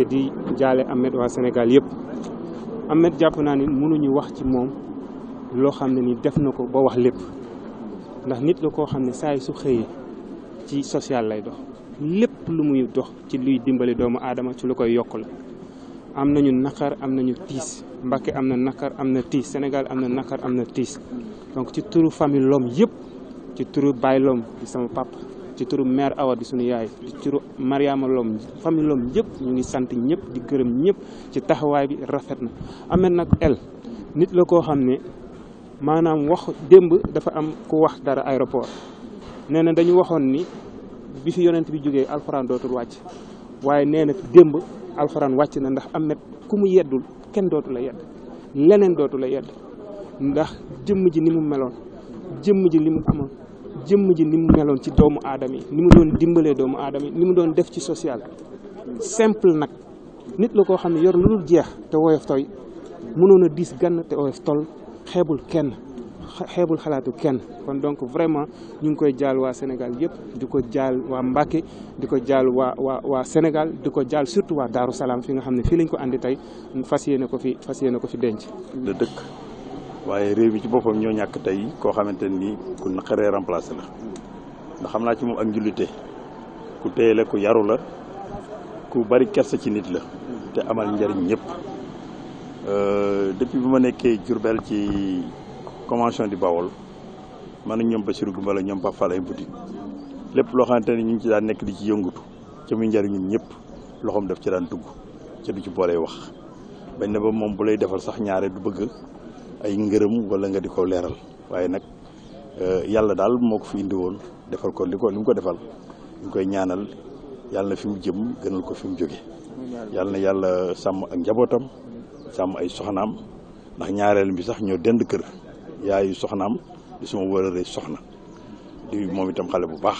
te di jaale Ahmed waa Sénégal yëpp Ahmed jàpp naa ni mënuñu wax ci moom loo xam ne ni def na ko ba wax lépp ndax nit la koo xam ne saa su xëyee ci social lay dox lépp lu muy dox ci luy dimbali doomu aadama ci lu koy yokk la am nañu naqar am nañu tiis Mbacké am na naqar am na tiis Sénégal am na naqar am na tiis donc ci turu famille Lom yëpp ci turu Baye Lom di sama papa ci turu maire Awa di sunu yaay ci turu Mariama Lom famille Lom yëpp ñu ngi sant ñëpp di gërëm ñëpp ci taxawaay bi rafet na. Ameth nag el nit la koo xam ne maanaam wax démb dafa am ku wax dara aéroport nee na dañu waxoon ni bi fi yonent bi jógee alxuraan dootul wàcc waaye nee na démb alxuraan wàcc na ndax Ameth ku mu yeddul kenn dootul a yedd leneen dootu la yedd ndax jëmm ji ni mu meloon jëmm ji li mu amoon. jëmm ji ni mu meloon ci doomu aadama yi ni mu doon dimbalee doomu aadama yi ni mu doon def ci social simple nag nit la koo xam ne yor lu dul jeex te woyof toy mënoon diis gann te woyof tol xeebul kenn xeebul xalaatu kenn kon donc vraiment ñu ngi koy jaal waa Sénégal yëpp di ko jaal waa Mbacké di ko jaal waa waa waa Sénégal di ko jaal surtout waa Daaru Salaam fi nga xam ne fii lañ ko andi tey fas yéene ko fi fas yéene ko fi denc. dëkk. waaye réew mi ci boppam ñoo ñàkk tey koo xamante ni ku naqaree remplacé la ndax xam naa ci moom ak njullite ku téye la ku yaru la ku bari kersa ci nit la te amal njariñ ñëpp euh, depuis bi ma nekkee Jurbel ci convention di Bawol man ak ñoom Bassirou bala ñoom Pape Fall ay mbuti lépp loo xamante ni ñu ci daan nekk di ci yëngutu ca muy njariñu ñëpp loxoom daf ci daan dugg ca du ci boolee wax bañ ne ba moom bu lay defal sax ñaaree du bëgg ay ngërëm wala nga di ko leeral waaye nag eh, yàlla daal moo ko fi indi defal ko li ko li mu ko defal ñu koy ñaanal yàlla na fi mu jëm gënal ko fi mu jóge yàlla na yàlla sàmm ak njabootam sàmm ay soxnaam ndax ñaareel bi sax ñoo dend kër yaayu soxnaam di suma wërëree soxna moom itam xale bu baax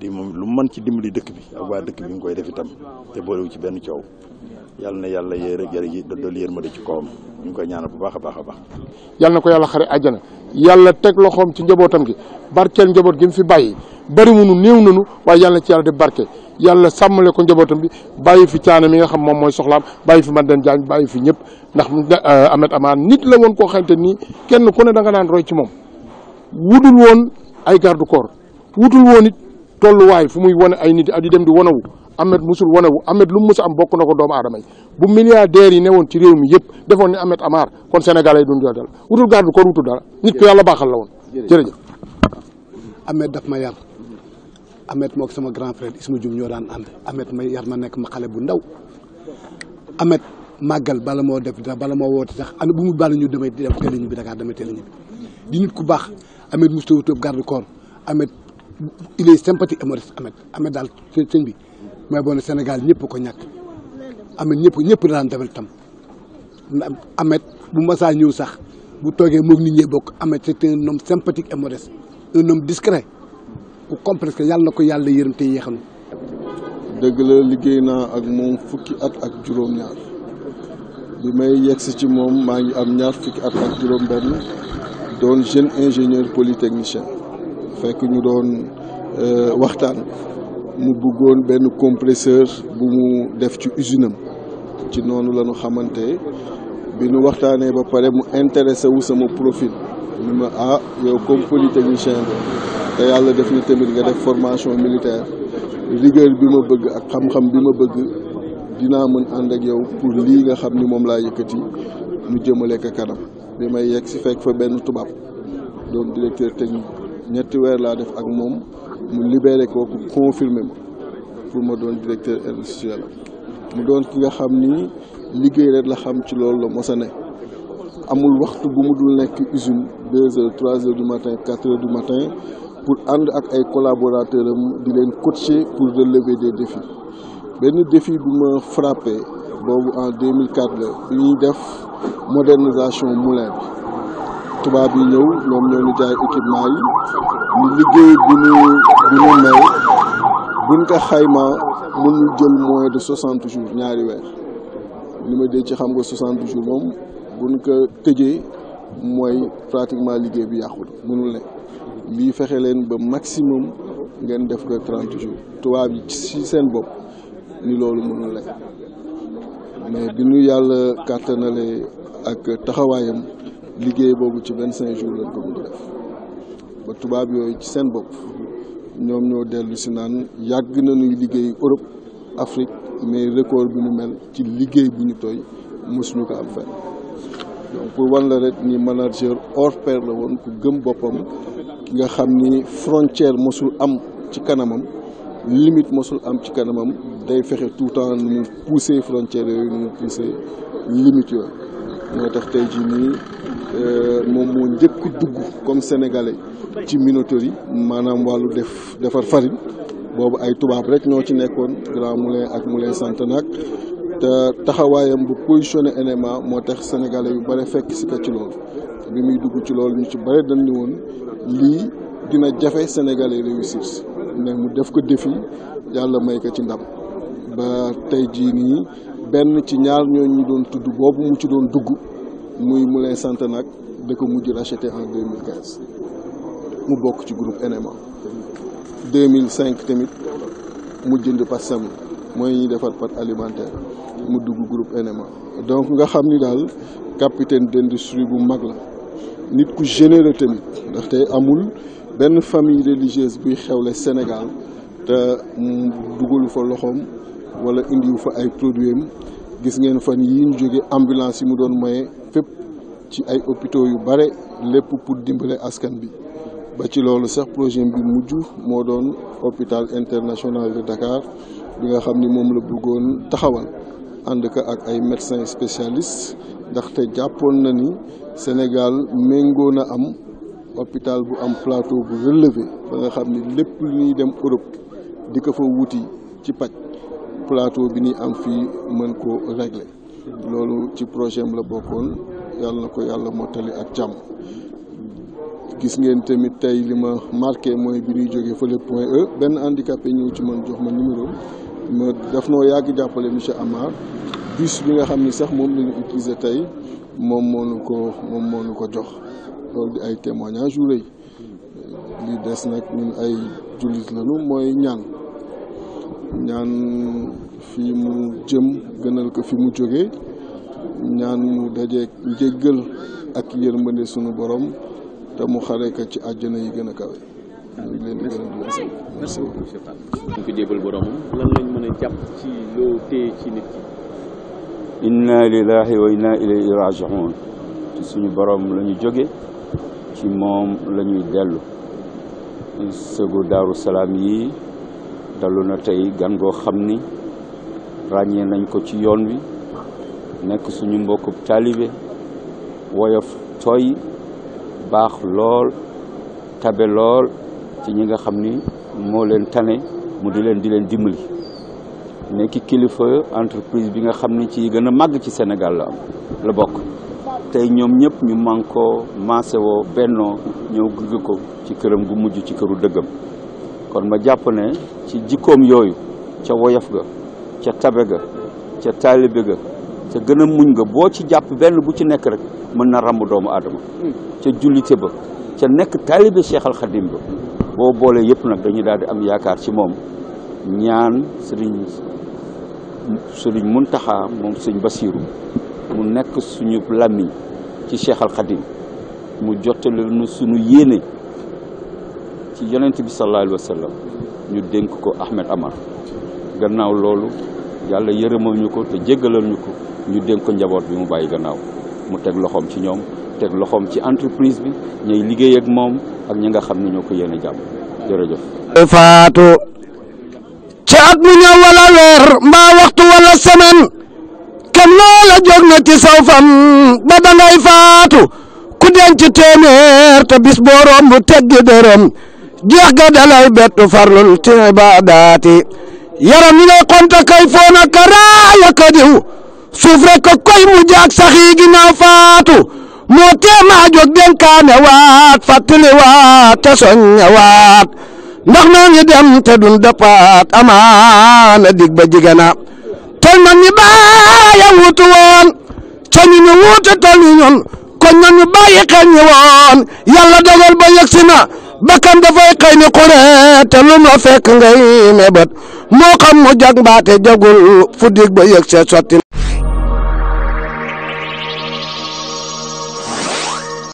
di moom lu mën ci dimbali dëkk bi ak waa dëkk bi nga koy def itam te boolewu ci benn coow yàlla na yàlla yéer ak yére yi dool yërmande ci kawam ñu ngi yàlla na ko yàlla xare àjjana yàlla teg loxoom ci njabootam gi barkeel njaboot gi mu fi bàyyi bari munu néew nanu waaye yàlla na ci yàlla def barke yàlla sàmmale ko njabootam bi bàyyi fi caana mi nga xam moom mooy soxlaam bàyyi fi man den jaañ bàyyi fi ñëpp ndax euh, Ahmed Amane nit la woon koo xamante nii kenn ku ne da nga naan roy ci moom wutul woon ay garde corps wutul woon it tolluwaay fu muy wone ay nit di dem di wanawu Ahmed musul wanawu Ahmed lu mu am bokk na ko doomu aadama yi bu milliardaires yi ne woon ci réew mi yëpp defoon ni Ahmed Amar kon sénégalais yi duñ jox dal wutul ko wutul dara nit yàlla baaxal la woon jërëjëf daf ma yar Ahmed moo sama grand frère Isma Dioum ñoo daan am Ahmed may yar ma nekk ma xale bu ndaw Ahmed màggal bala moo def dara bala moo woote sax am bu mu bala ñu demay teel a ñibbi Dakar damay teel a ñibbi di nit ku baax Ahmed musul wutub garde corps Ahmed il est sympathique Maurice Ahmed Ahmed daal sëñ bi mooy boo ne Sénégal ñëpp ko ñàkk Ahmed ñëpp ñëpp daan defal tam Ahmed bu masaa ñëw sax bu toogee moom nit ñee bokk Ahmed c'est un homme sympathique et modeste un homme discret ku complexe que yàlla na ko yàlla yërëm te yeexanu dëgg la liggéey naa ak moom fukki at ak juróom-ñaar bi may yegsi ci moom maa ngi am ñaar fukki at ak juróom-benn doon jeune ingénieur polytechnicien fekk ñu doon Euh, waxtaan mu bëggoon benn compresseur bu mu def ci usine am ci noonu la ñu xamante bi ñu waxtaanee ba pare mu intéressé wu sama profit ni ma ah yow comme polytechnicien nga te yàlla def ni tamit nga def formation militaire rigueur bi ma bëgg ak xam-xam bi ma bëgg dinaa mën ànd ak yow pour lii nga xam ni moom laa yëkkati ñu jëmale ko kanam bi may yegg si fekk fa benn tubaab doon directeur technique ñetti weer laa def ak moom mu libeere ko pour confirmer ma pour ma doon directeur institutionnel mu doon ki nga xam ni liggéey rek la xam ci loolu la mos a amul waxtu bu mu dul nekk usine deux heures trois heures du matin quatre heures du matin pour ànd ak ay collaborateurs am di leen coacher pour relever des défis benn défi bu ma frappé boobu en 2004 la bi ñuy def modernisation moulin bi tubaab yi ñëw loolu ñoo ñu jaay équipement yi liggéey bi nu bi nu néew buñ ko xaymaa mënul jël moins de soixante jours ñaari weer li ma dee ci xam nga soixante jours moom buñ ko tëjee mooy pratiquement liggéey bi yàqul mënul ne lii fexe leen ba maximum ngeen def ko trente jours tubaab yi ci seen bopp ni loolu mënul ne mais bi ñu yàlla kàttanale ak taxawaayam liggéey boobu ci vingt cinq jours lañ ko mën def ba tubaab yooyu ci seen bopp ñoom ñoo dellusi si naan yàgg nañuy liggéey Europe Afrique mais record bi ñu mel ci liggéey bu ñu tooy mosuñu ko am fenn pour wan la rek ni manager hors pair la woon ku gëm boppam ki nga xam ni frontière mosul am ci kanamam limite mosul am ci kanamam day fexe tout le temps nu mu pousser frontières yooyu nu mu pousser limite yooyu moo tax tey jii nii euh, moom moo njëkk dugg comme sénégalais ci minoterie maanaam wàllu def defar farine boobu ay tubaab rek ñoo ci nekkoon Grands Moulins ak Moulin nag te taxawaayam bu positionné NMA moo tax sénégalais yu bare fekk si ko ci loolu bi muy dugg ci loolu ñu ci bare dañ ni woon lii dina jafe sénégalais réussir mais mu def ko défi yàlla may ko ci ndam ba tey jii nii. benn ci ñaar ñooñu doon tudd boobu mu ci doon dugg muy Moulin nag da ko mujj racheté en 2015 mu bokk ci groupe NMA 2005 tamit mu jënd par sam mooy ñuy defar pat alimentaire mu dugg groupe NMA donc nga xam ni daal capitaine d'industrie bu mag la nit ku généreux tamit ndaxte amul benn famille religieuse buy xewle Sénégal te dugalu fa loxoom wala indiwu fa ay produit am gis ngeen fan yi ñu jóge ambulance yi mu doon maye fépp ci ay hôpitaux yu bare lépp pour dimbale askan bi ba ci loolu sax projet bi mujj moo doon hôpital international de Dakar bi nga xam ni moom la buggoon taxawal ànd ko ak ay médecins spécialistes ndaxte jàppoon na ni Sénégal méngoo a am hôpital bu am plateau bu relevé ba nga xam ni lépp lu ñuy dem Europe di ko fa wuti ci paj plateau bi ni am fi mën ko régler loolu ci projet am la bokkoon yàlla na ko yàlla mottali ak jàmm gis ngeen tamit tey li ma marqué mooy bi ñuy jógee fële point E benn handicapé ñëw ci man jox ma numéro ma daf noo yàgg jàppale monsieur Amar bus bi nga xam ni sax moom la ñu utiliser tey moom moo nu ko moom moo nu ko jox loolu di ay témoignage yu rëy li des nag ñun ay jullit lañu mooy ñaan ñaan fi mu jëm gënal ko fi mu jóge ñaan mu dajeek njéggal ak yërmande sunu borom te mu xare ko ci àjjana yi gën a kawe ñu ngi leen di gërëm di jàpp ci loo téye ci nit ki inna lillahi wa inna ilayhi raji'un ci suñu borom lañu ñu jóge ci moom la dellu sëgu daaru yi dalu na tey gan goo xam ni ràññee nañ ko ci yoon wi nekk suñu mbokkub taalibe woyof tooy baax lool tabe lool ci ñi nga xam ni moo leen tane mu di leen di leen dimbali nekk kilifa entreprise bi nga xam ni ci gën a màgg ci Sénégal la am la bokk tey ñoom ñëpp ñu mànkoo maasewoo bennoo ñëw gunge ko ci këram gu mujj ci këru dëggam kon ma jàpp ne ci jikkoom yooyu ca woyof ga ca tabe ga ca taalibe ga ca gëna muñ nga boo ci jàpp benn bu ci nekk rek mën na ràmb doomu aadama ca jullite ba ca nekk taalibe Cheikh Al Khadim ba boo boolee yëpp nag dañu daal di am yaakaar ci moom ñaan sëriñ sëriñ Muntaxa moom sëriñ Basiiru mu nekk suñu làmmiñ ci Cheikh Al mu jottali nu suñu ci yonent bi sallallahu alayhi wa ñu dénk ko Ahmed Amar gannaaw loolu yàlla yërëmal ñu ko te jéggalal ñu ko ñu dénk ko njaboot bi mu bàyyi gannaaw mu teg loxoom ci ñoom teg loxoom ci entreprise bi ñay liggéey ak moom ak ñi nga xam ne ñoo ko yéene jàmm jërëjëf faatu ci at mu ñëw wala weer mbaa waxtu wala semaine kam loola jóg na ci saw fam ba dangay faatu ku denc téeméer te bis boo romb teggi dërëm jeex ga dalay bettu farlul ci ibadaati yaram yi ngay konta kay foona ka raaya ka diw suuf koy mu jaag saxi ginaaw faatu moo teemaa jóg dénkaane waat fàttali waat te soñña waat ndax noo ngi dem te dun dëppaat amaana dig ba jigana tol na ñu bàyyi wutu woon coñu ñu wuute tol ñu ñun koñ na ñu bàyyi xel ñu woon yàlla dogal ba yegsi na bakkan dafay xëy ni xuree te lum la fekk ngay mébét moo xam mu jag mbaate jagul fu dig ba yëg see sotti